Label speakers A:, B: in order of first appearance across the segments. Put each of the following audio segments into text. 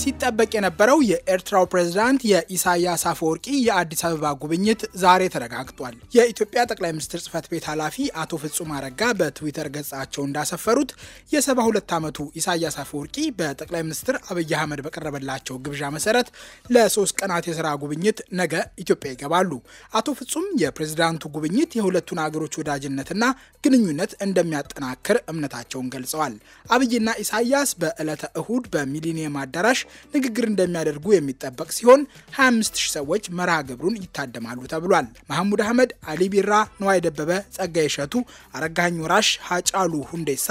A: ሲጠበቅ የነበረው የኤርትራው ፕሬዝዳንት የኢሳያስ አፈወርቂ የአዲስ አበባ ጉብኝት ዛሬ ተረጋግጧል። የኢትዮጵያ ጠቅላይ ሚኒስትር ጽህፈት ቤት ኃላፊ አቶ ፍጹም አረጋ በትዊተር ገጻቸው እንዳሰፈሩት የ72 ዓመቱ ኢሳያስ አፈወርቂ በጠቅላይ ሚኒስትር አብይ አህመድ በቀረበላቸው ግብዣ መሰረት ለሶስት ቀናት የስራ ጉብኝት ነገ ኢትዮጵያ ይገባሉ። አቶ ፍጹም የፕሬዝዳንቱ ጉብኝት የሁለቱን አገሮች ወዳጅነትና ግንኙነት እንደሚያጠናክር እምነታቸውን ገልጸዋል። አብይና ኢሳያስ በዕለተ እሁድ በሚሊኒየም አዳራሽ ንግግር እንደሚያደርጉ የሚጠበቅ ሲሆን 25 ሰዎች መርሃ ግብሩን ይታደማሉ ተብሏል። መሐሙድ አህመድ፣ አሊ ቢራ፣ ነዋይ ደበበ፣ ጸጋ የሸቱ፣ አረጋኝ ወራሽ፣ ሀጫሉ ሁንዴሳ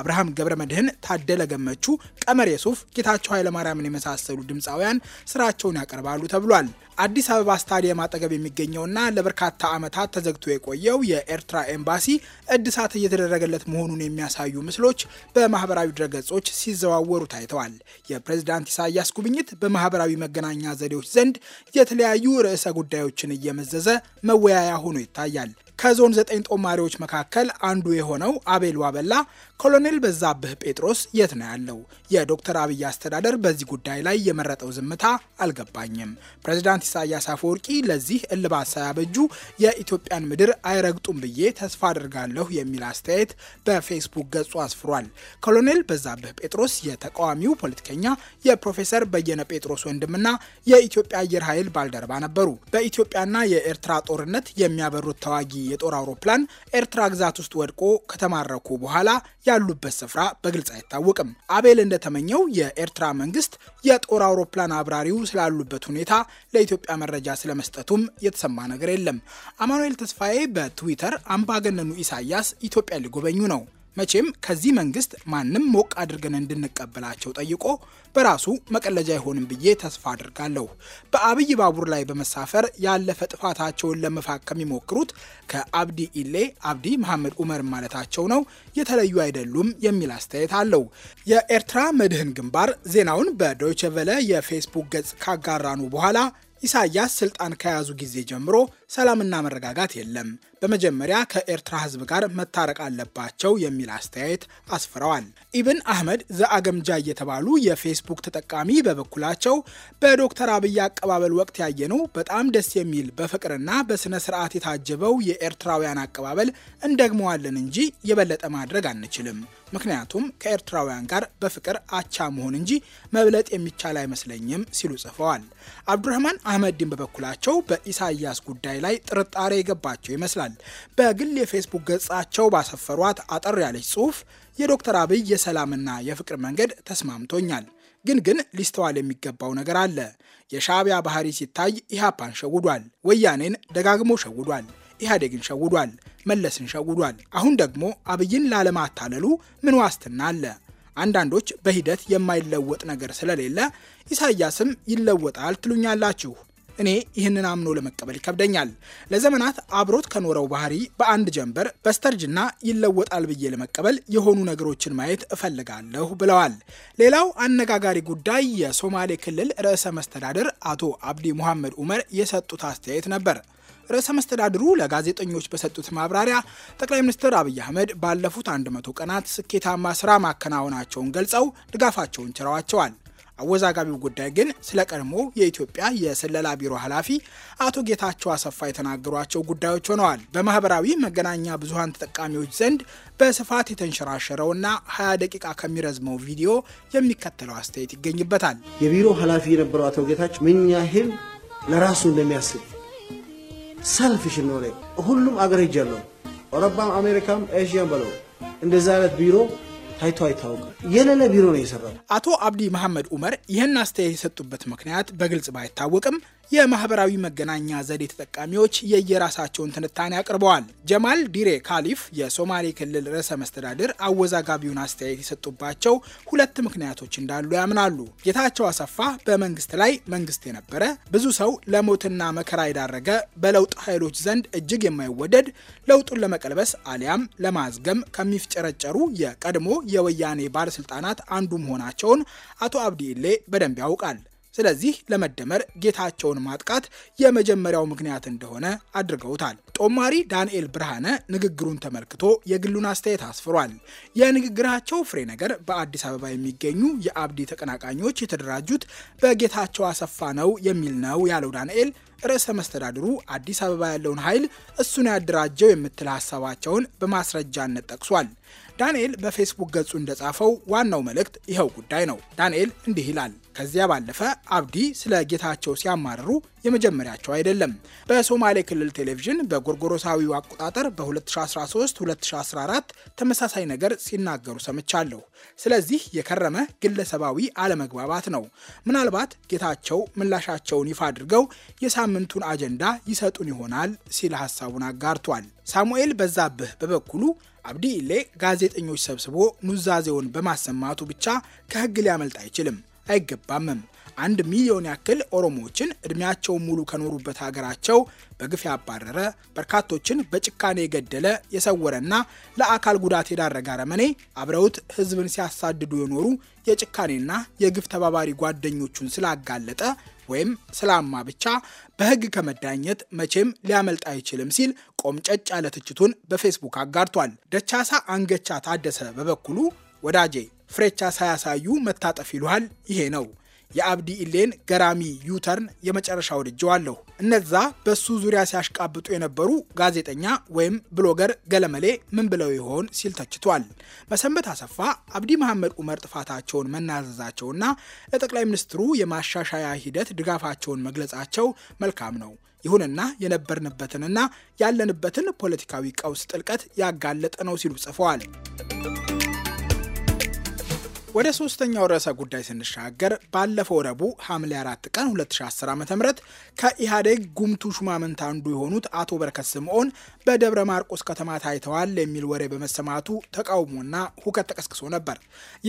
A: አብርሃም ገብረ መድህን፣ ታደለ ገመቹ፣ ቀመር የሱፍ፣ ጌታቸው ኃይለማርያምን የመሳሰሉ ድምፃውያን ስራቸውን ያቀርባሉ ተብሏል። አዲስ አበባ ስታዲየም አጠገብ የሚገኘውና ለበርካታ ዓመታት ተዘግቶ የቆየው የኤርትራ ኤምባሲ እድሳት እየተደረገለት መሆኑን የሚያሳዩ ምስሎች በማህበራዊ ድረገጾች ሲዘዋወሩ ታይተዋል። የፕሬዝዳንት ኢሳያስ ጉብኝት በማህበራዊ መገናኛ ዘዴዎች ዘንድ የተለያዩ ርዕሰ ጉዳዮችን እየመዘዘ መወያያ ሆኖ ይታያል። ከዞን ዘጠኝ ጦማሪዎች መካከል አንዱ የሆነው አቤል ዋበላ ኮሎኔል በዛብህ ጴጥሮስ የት ነው ያለው? የዶክተር አብይ አስተዳደር በዚህ ጉዳይ ላይ የመረጠው ዝምታ አልገባኝም። ፕሬዚዳንት ኢሳያስ አፈወርቂ ለዚህ እልባት ሳያበጁ የኢትዮጵያን ምድር አይረግጡም ብዬ ተስፋ አድርጋለሁ የሚል አስተያየት በፌስቡክ ገጹ አስፍሯል። ኮሎኔል በዛብህ ጴጥሮስ የተቃዋሚው ፖለቲከኛ የፕሮፌሰር በየነ ጴጥሮስ ወንድምና የኢትዮጵያ አየር ኃይል ባልደረባ ነበሩ። በኢትዮጵያና የኤርትራ ጦርነት የሚያበሩት ተዋጊ የጦር አውሮፕላን ኤርትራ ግዛት ውስጥ ወድቆ ከተማረኩ በኋላ ያሉበት ስፍራ በግልጽ አይታወቅም። አቤል እንደተመኘው የኤርትራ መንግስት የጦር አውሮፕላን አብራሪው ስላሉበት ሁኔታ ለኢትዮጵያ መረጃ ስለመስጠቱም የተሰማ ነገር የለም። አማኑኤል ተስፋዬ በትዊተር አምባገነኑ ኢሳያስ ኢትዮጵያ ሊጎበኙ ነው መቼም ከዚህ መንግስት ማንም ሞቅ አድርገን እንድንቀበላቸው ጠይቆ በራሱ መቀለጃ አይሆንም ብዬ ተስፋ አድርጋለሁ። በአብይ ባቡር ላይ በመሳፈር ያለፈ ጥፋታቸውን ለመፋቅ ከሚሞክሩት ከአብዲ ኢሌ አብዲ መሐመድ ኡመር ማለታቸው ነው የተለዩ አይደሉም የሚል አስተያየት አለው። የኤርትራ መድህን ግንባር ዜናውን በዶይቸ ቨለ የፌስቡክ ገጽ ካጋራኑ በኋላ ኢሳያስ ስልጣን ከያዙ ጊዜ ጀምሮ ሰላምና መረጋጋት የለም በመጀመሪያ ከኤርትራ ህዝብ ጋር መታረቅ አለባቸው የሚል አስተያየት አስፍረዋል። ኢብን አህመድ ዘአገምጃ እየተባሉ የፌስቡክ ተጠቃሚ በበኩላቸው በዶክተር አብይ አቀባበል ወቅት ያየነው በጣም ደስ የሚል በፍቅርና በስነ ስርዓት የታጀበው የኤርትራውያን አቀባበል እንደግመዋለን እንጂ የበለጠ ማድረግ አንችልም። ምክንያቱም ከኤርትራውያን ጋር በፍቅር አቻ መሆን እንጂ መብለጥ የሚቻል አይመስለኝም ሲሉ ጽፈዋል። አብዱረህማን አህመድን በበኩላቸው በኢሳያስ ጉዳይ ላይ ጥርጣሬ የገባቸው ይመስላል። ገልጸዋል። በግል የፌስቡክ ገጻቸው ባሰፈሯት አጠር ያለች ጽሁፍ የዶክተር አብይ የሰላምና የፍቅር መንገድ ተስማምቶኛል ግን ግን ሊስተዋል የሚገባው ነገር አለ። የሻዕቢያ ባህሪ ሲታይ ኢህአፓን ሸውዷል፣ ወያኔን ደጋግሞ ሸውዷል፣ ኢህአዴግን ሸውዷል፣ መለስን ሸውዷል። አሁን ደግሞ አብይን ላለማታለሉ ምን ዋስትና አለ? አንዳንዶች በሂደት የማይለወጥ ነገር ስለሌለ ኢሳያስም ይለወጣል ትሉኛላችሁ። እኔ ይህንን አምኖ ለመቀበል ይከብደኛል። ለዘመናት አብሮት ከኖረው ባህሪ በአንድ ጀንበር በስተርጅና ይለወጣል ብዬ ለመቀበል የሆኑ ነገሮችን ማየት እፈልጋለሁ ብለዋል። ሌላው አነጋጋሪ ጉዳይ የሶማሌ ክልል ርዕሰ መስተዳደር አቶ አብዲ ሙሐመድ ኡመር የሰጡት አስተያየት ነበር። ርዕሰ መስተዳድሩ ለጋዜጠኞች በሰጡት ማብራሪያ ጠቅላይ ሚኒስትር አብይ አህመድ ባለፉት 100 ቀናት ስኬታማ ስራ ማከናወናቸውን ገልጸው ድጋፋቸውን ችረዋቸዋል። አወዛጋቢው ጉዳይ ግን ስለ ቀድሞ የኢትዮጵያ የስለላ ቢሮ ኃላፊ አቶ ጌታቸው አሰፋ የተናገሯቸው ጉዳዮች ሆነዋል። በማህበራዊ መገናኛ ብዙሃን ተጠቃሚዎች ዘንድ በስፋት የተንሸራሸረውና 20 ደቂቃ ከሚረዝመው ቪዲዮ የሚከተለው አስተያየት ይገኝበታል። የቢሮ ኃላፊ የነበረው አቶ ጌታቸው ምን ያህል ለራሱ እንደሚያስብ ሰልፍሽ ነው። ሁሉም አገር ሄጃለሁ፣ አውሮፓም፣ አሜሪካም፣ ኤዥያም በለው እንደዚህ አይነት ቢሮ ታይቶ አይታወቅም። የሌለ ቢሮ ነው የሰራው። አቶ አብዲ መሐመድ ኡመር ይህን አስተያየት የሰጡበት ምክንያት በግልጽ ባይታወቅም የማህበራዊ መገናኛ ዘዴ ተጠቃሚዎች የየራሳቸውን ትንታኔ አቅርበዋል። ጀማል ዲሬ ካሊፍ የሶማሌ ክልል ርዕሰ መስተዳድር አወዛጋቢውን አስተያየት የሰጡባቸው ሁለት ምክንያቶች እንዳሉ ያምናሉ። ጌታቸው አሰፋ በመንግስት ላይ መንግስት የነበረ ብዙ ሰው ለሞትና መከራ የዳረገ በለውጥ ኃይሎች ዘንድ እጅግ የማይወደድ ለውጡን ለመቀልበስ አሊያም ለማዝገም ከሚፍጨረጨሩ የቀድሞ የወያኔ ባለስልጣናት አንዱ መሆናቸውን አቶ አብዲ ኢሌ በደንብ ያውቃል። ስለዚህ ለመደመር ጌታቸውን ማጥቃት የመጀመሪያው ምክንያት እንደሆነ አድርገውታል። ጦማሪ ዳንኤል ብርሃነ ንግግሩን ተመልክቶ የግሉን አስተያየት አስፍሯል። የንግግራቸው ፍሬ ነገር በአዲስ አበባ የሚገኙ የአብዲ ተቀናቃኞች የተደራጁት በጌታቸው አሰፋ ነው የሚል ነው ያለው ዳንኤል ርዕሰ መስተዳድሩ አዲስ አበባ ያለውን ኃይል እሱን ያደራጀው የምትል ሀሳባቸውን በማስረጃነት ጠቅሷል። ዳንኤል በፌስቡክ ገጹ እንደጻፈው ዋናው መልእክት ይኸው ጉዳይ ነው። ዳንኤል እንዲህ ይላል። ከዚያ ባለፈ አብዲ ስለ ጌታቸው ሲያማርሩ የመጀመሪያቸው አይደለም። በሶማሌ ክልል ቴሌቪዥን በጎርጎሮሳዊው አቆጣጠር በ2013 2014 ተመሳሳይ ነገር ሲናገሩ ሰምቻለሁ። ስለዚህ የከረመ ግለሰባዊ አለመግባባት ነው። ምናልባት ጌታቸው ምላሻቸውን ይፋ አድርገው የሳምንቱን አጀንዳ ይሰጡን ይሆናል ሲል ሀሳቡን አጋርቷል። ሳሙኤል በዛብህ በበኩሉ አብዲ ኢሌ ጋዜጠኞች ሰብስቦ ኑዛዜውን በማሰማቱ ብቻ ከህግ ሊያመልጥ አይችልም አይገባምም። አንድ ሚሊዮን ያክል ኦሮሞዎችን እድሜያቸውን ሙሉ ከኖሩበት ሀገራቸው በግፍ ያባረረ፣ በርካቶችን በጭካኔ የገደለ የሰወረና ለአካል ጉዳት የዳረገ አረመኔ አብረውት ህዝብን ሲያሳድዱ የኖሩ የጭካኔና የግፍ ተባባሪ ጓደኞቹን ስላጋለጠ ወይም ስላማ ብቻ በህግ ከመዳኘት መቼም ሊያመልጥ አይችልም ሲል ቆምጨጭ ያለ ትችቱን በፌስቡክ አጋርቷል። ደቻሳ አንገቻ ታደሰ በበኩሉ ወዳጄ ፍሬቻ ሳያሳዩ መታጠፍ ይሉሃል። ይሄ ነው የአብዲ ኢሌን ገራሚ ዩተርን የመጨረሻ ወድጀዋለሁ። እነዛ በሱ ዙሪያ ሲያሽቃብጡ የነበሩ ጋዜጠኛ ወይም ብሎገር ገለመሌ ምን ብለው ይሆን ሲል ተችቷል። መሰንበት አሰፋ አብዲ መሐመድ ኡመር ጥፋታቸውን መናዘዛቸውና ለጠቅላይ ሚኒስትሩ የማሻሻያ ሂደት ድጋፋቸውን መግለጻቸው መልካም ነው። ይሁንና የነበርንበትንና ያለንበትን ፖለቲካዊ ቀውስ ጥልቀት ያጋለጠ ነው ሲሉ ጽፈዋል። ወደ ሶስተኛው ርዕሰ ጉዳይ ስንሻገር ባለፈው ረቡዕ ሐምሌ 4 ቀን 2010 ዓ ም ከኢህአዴግ ጉምቱ ሹማምንት አንዱ የሆኑት አቶ በረከት ስምዖን በደብረ ማርቆስ ከተማ ታይተዋል የሚል ወሬ በመሰማቱ ተቃውሞና ሁከት ተቀስቅሶ ነበር።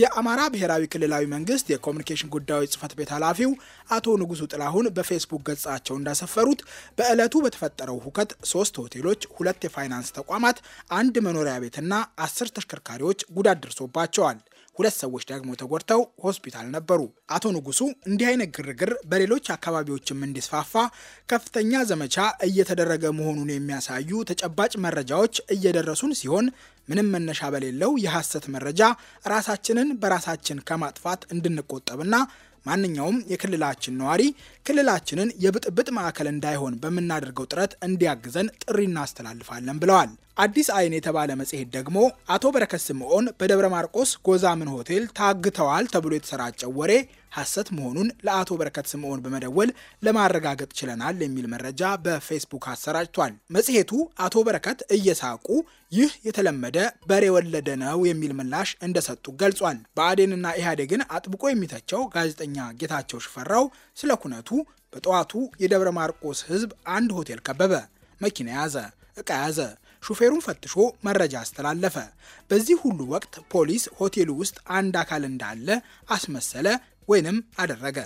A: የአማራ ብሔራዊ ክልላዊ መንግስት የኮሚኒኬሽን ጉዳዮች ጽህፈት ቤት ኃላፊው አቶ ንጉሱ ጥላሁን በፌስቡክ ገጻቸው እንዳሰፈሩት በዕለቱ በተፈጠረው ሁከት ሶስት ሆቴሎች፣ ሁለት የፋይናንስ ተቋማት፣ አንድ መኖሪያ ቤትና አስር ተሽከርካሪዎች ጉዳት ደርሶባቸዋል። ሁለት ሰዎች ደግሞ ተጎድተው ሆስፒታል ነበሩ። አቶ ንጉሱ እንዲህ አይነት ግርግር በሌሎች አካባቢዎችም እንዲስፋፋ ከፍተኛ ዘመቻ እየተደረገ መሆኑን የሚያሳዩ ተጨባጭ መረጃዎች እየደረሱን ሲሆን ምንም መነሻ በሌለው የሐሰት መረጃ ራሳችንን በራሳችን ከማጥፋት እንድንቆጠብና ማንኛውም የክልላችን ነዋሪ ክልላችንን የብጥብጥ ማዕከል እንዳይሆን በምናደርገው ጥረት እንዲያግዘን ጥሪ እናስተላልፋለን ብለዋል። አዲስ አይን የተባለ መጽሔት ደግሞ አቶ በረከት ስምዖን በደብረ ማርቆስ ጎዛምን ሆቴል ታግተዋል ተብሎ የተሰራጨው ወሬ ሐሰት መሆኑን ለአቶ በረከት ስምዖን በመደወል ለማረጋገጥ ችለናል የሚል መረጃ በፌስቡክ አሰራጭቷል። መጽሔቱ አቶ በረከት እየሳቁ ይህ የተለመደ በሬ ወለደ ነው የሚል ምላሽ እንደሰጡ ገልጿል። ብአዴንና ኢህአዴግን አጥብቆ የሚተቸው ጋዜጠኛ ጌታቸው ሽፈራው ስለ ኩነቱ በጠዋቱ የደብረ ማርቆስ ህዝብ አንድ ሆቴል ከበበ። መኪና ያዘ፣ ዕቃ ያዘ፣ ሹፌሩን ፈትሾ መረጃ አስተላለፈ። በዚህ ሁሉ ወቅት ፖሊስ ሆቴሉ ውስጥ አንድ አካል እንዳለ አስመሰለ፣ ወይንም አደረገ።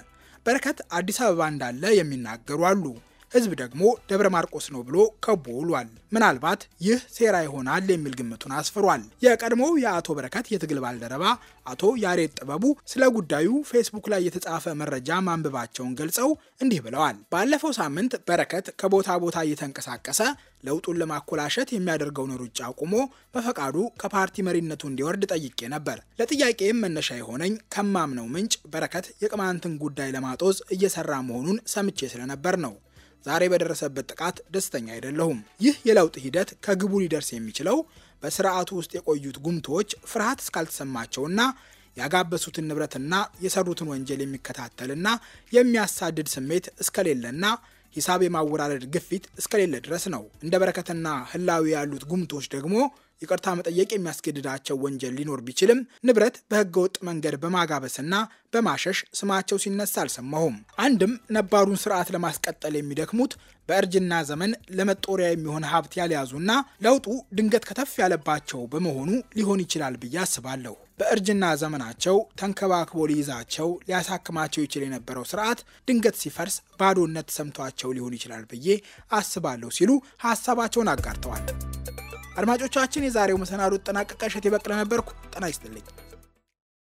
A: በረከት አዲስ አበባ እንዳለ የሚናገሩ አሉ። ህዝብ ደግሞ ደብረ ማርቆስ ነው ብሎ ከቦ ውሏል። ምናልባት ይህ ሴራ ይሆናል የሚል ግምቱን አስፍሯል። የቀድሞው የአቶ በረከት የትግል ባልደረባ አቶ ያሬድ ጥበቡ ስለ ጉዳዩ ፌስቡክ ላይ የተጻፈ መረጃ ማንበባቸውን ገልጸው እንዲህ ብለዋል። ባለፈው ሳምንት በረከት ከቦታ ቦታ እየተንቀሳቀሰ ለውጡን ለማኮላሸት የሚያደርገውን ሩጫ አቁሞ በፈቃዱ ከፓርቲ መሪነቱ እንዲወርድ ጠይቄ ነበር። ለጥያቄም መነሻ የሆነኝ ከማምነው ምንጭ በረከት የቅማንትን ጉዳይ ለማጦዝ እየሰራ መሆኑን ሰምቼ ስለነበር ነው። ዛሬ በደረሰበት ጥቃት ደስተኛ አይደለሁም። ይህ የለውጥ ሂደት ከግቡ ሊደርስ የሚችለው በስርዓቱ ውስጥ የቆዩት ጉምቶች ፍርሃት እስካልተሰማቸውና ያጋበሱትን ንብረትና የሰሩትን ወንጀል የሚከታተልና የሚያሳድድ ስሜት እስከሌለና ሂሳብ የማወራረድ ግፊት እስከሌለ ድረስ ነው። እንደ በረከትና ህላዊ ያሉት ጉምቶች ደግሞ ይቅርታ መጠየቅ የሚያስገድዳቸው ወንጀል ሊኖር ቢችልም ንብረት በህገወጥ መንገድ በማጋበስና በማሸሽ ስማቸው ሲነሳ አልሰማሁም። አንድም ነባሩን ስርዓት ለማስቀጠል የሚደክሙት በእርጅና ዘመን ለመጦሪያ የሚሆን ሀብት ያልያዙና ለውጡ ድንገት ከተፍ ያለባቸው በመሆኑ ሊሆን ይችላል ብዬ አስባለሁ። በእርጅና ዘመናቸው ተንከባክቦ ሊይዛቸው ሊያሳክማቸው ይችል የነበረው ስርዓት ድንገት ሲፈርስ ባዶነት ሰምቷቸው ሊሆን ይችላል ብዬ አስባለሁ ሲሉ ሀሳባቸውን አጋርተዋል። አድማጮቻችን፣ የዛሬው መሰናዶ ተጠናቀቀ። የበቅለ ነበርኩ። ጤና ይስጥልኝ።